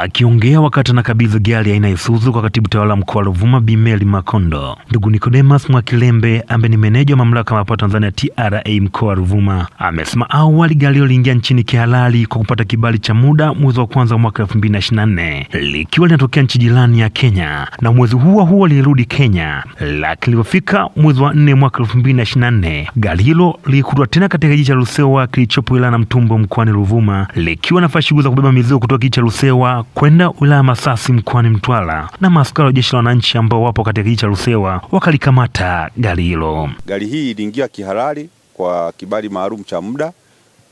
Akiongea wakati anakabidhi gari aina ya Isuzu kwa katibu tawala mkoa wa Ruvuma Bi Mary Makondo, ndugu Nicodemus Mwakilembe ambaye ni meneja wa mamlaka ya mapato Tanzania TRA mkoa wa Ruvuma amesema awali gari hilo liliingia nchini kihalali kwa kupata kibali cha muda mwezi wa kwanza wa mwaka 2024 likiwa linatokea nchi jirani ya Kenya, na mwezi huo huo lilirudi Kenya, lakini lilipofika mwezi wa 4 mwaka 2024 gari hilo lilikutwa tena katika kijiji cha Lusewa kilichopo wilaya Namtumbo mkoani Ruvuma likiwa nafanya shughuli za kubeba mizigo kutoka kijiji cha Lusewa kwenda wilaya ya Masasi mkoani Mtwara, na maaskari wa jeshi la wananchi ambao wapo katika kijiji cha Lusewa wakalikamata gari hilo. Gari hii iliingia kihalali kwa kibali maalum cha muda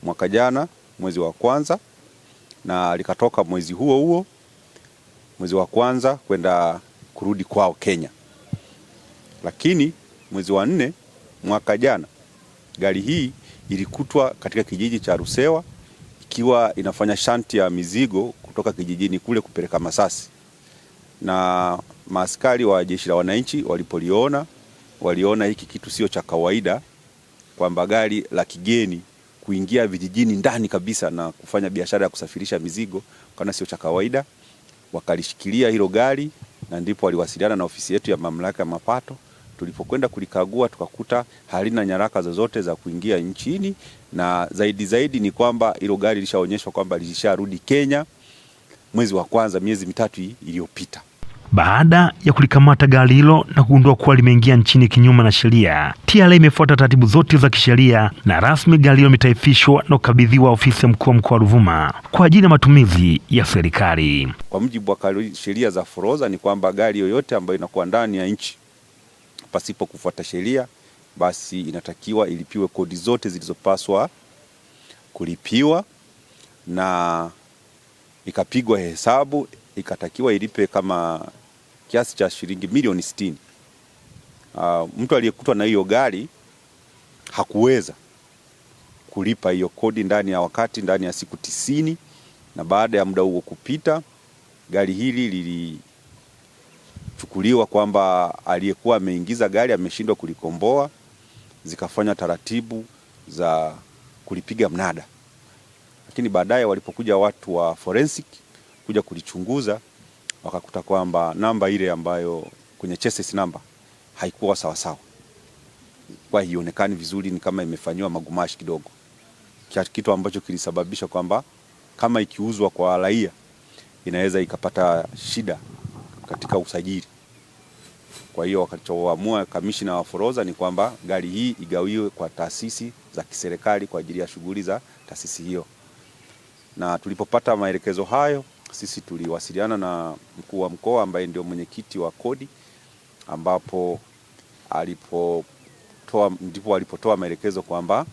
mwaka jana mwezi wa kwanza, na likatoka mwezi huo huo mwezi wa kwanza kwenda kurudi kwao Kenya, lakini mwezi wa nne mwaka jana gari hii ilikutwa katika kijiji cha Lusewa ikiwa inafanya shanti ya mizigo kutoka kijijini kule kupeleka Masasi, na maaskari wa jeshi la wananchi walipoliona, waliona hiki kitu sio cha kawaida, kwamba gari la kigeni kuingia vijijini ndani kabisa na kufanya biashara ya kusafirisha mizigo, kana sio cha kawaida. Wakalishikilia hilo gari na ndipo waliwasiliana na ofisi yetu ya mamlaka ya mapato. Tulipokwenda kulikagua tukakuta halina nyaraka zozote za kuingia nchini, na zaidi zaidi ni kwamba hilo gari lishaonyeshwa kwamba lisharudi Kenya mwezi wa kwanza, miezi mitatu iliyopita. Baada ya kulikamata gari hilo na kugundua kuwa limeingia nchini kinyume na sheria, TRA imefuata taratibu zote za kisheria na rasmi gari hilo limetaifishwa na kukabidhiwa ofisi ya mkuu wa mkoa wa Ruvuma kwa ajili ya matumizi ya serikali. Kwa mujibu wa sheria za forodha, ni kwamba gari yoyote ambayo inakuwa ndani ya nchi pasipo kufuata sheria, basi inatakiwa ilipiwe kodi zote zilizopaswa kulipiwa na ikapigwa hesabu ikatakiwa ilipe kama kiasi cha shilingi milioni sitini. Uh, mtu aliyekutwa na hiyo gari hakuweza kulipa hiyo kodi ndani ya wakati, ndani ya siku tisini, na baada ya muda huo kupita, gari hili lilichukuliwa kwamba aliyekuwa ameingiza gari ameshindwa kulikomboa, zikafanya taratibu za kulipiga mnada lakini baadaye walipokuja watu wa forensic kuja kulichunguza wakakuta kwamba namba ile ambayo kwenye chassis namba haikuwa sawasawa, kwa haionekani vizuri, ni kama imefanyiwa magumashi kidogo, kitu ambacho kilisababisha kwamba kama ikiuzwa kwa raia inaweza ikapata shida katika usajili. Kwa hiyo wakachoamua kamishina wa forodha ni kwamba gari hii igawiwe kwa taasisi za kiserikali kwa ajili ya shughuli za taasisi hiyo na tulipopata maelekezo hayo, sisi tuliwasiliana na mkuu wa mkoa ambaye ndio mwenyekiti wa kodi, ambapo alipotoa ndipo alipotoa maelekezo kwamba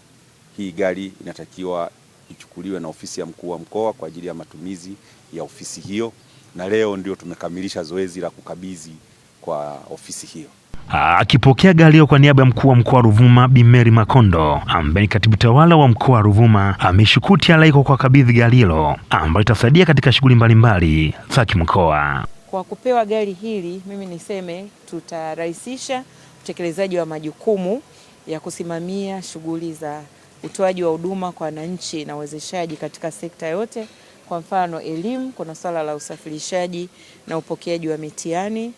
hii gari inatakiwa ichukuliwe na ofisi ya mkuu wa mkoa kwa ajili ya matumizi ya ofisi hiyo, na leo ndio tumekamilisha zoezi la kukabidhi kwa ofisi hiyo. Ah, akipokea gari kwa niaba ya mkuu wa mkoa wa Ruvuma Bi Mary Makondo, ambaye ni katibu tawala wa mkoa wa Ruvuma, ameshukuru TRA kwa kukabidhi gari hilo ambayo itasaidia katika shughuli mbalimbali za kimkoa. Kwa kupewa gari hili, mimi niseme tutarahisisha utekelezaji wa majukumu ya kusimamia shughuli za utoaji wa huduma kwa wananchi na uwezeshaji katika sekta yote. Kwa mfano elimu, kuna swala la usafirishaji na upokeaji wa mitihani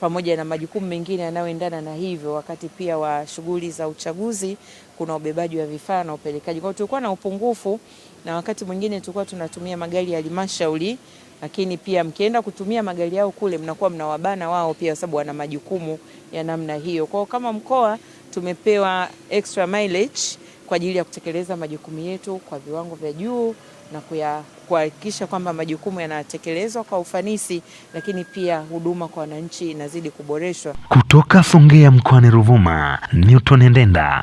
pamoja na majukumu mengine yanayoendana na hivyo, wakati pia wa shughuli za uchaguzi kuna ubebaji wa vifaa na upelekaji. Kwa hiyo tulikuwa na upungufu, na wakati mwingine tulikuwa tunatumia magari ya halmashauri, lakini pia mkienda kutumia magari yao kule mnakuwa mnawabana wao pia, sababu wana majukumu ya namna hiyo. Kwa hiyo kama mkoa tumepewa extra mileage kwa ajili ya kutekeleza majukumu yetu kwa viwango vya juu na kuhakikisha kwamba majukumu yanatekelezwa kwa ufanisi, lakini pia huduma kwa wananchi inazidi kuboreshwa. Kutoka Songea mkoani Ruvuma, Newton Ndenda.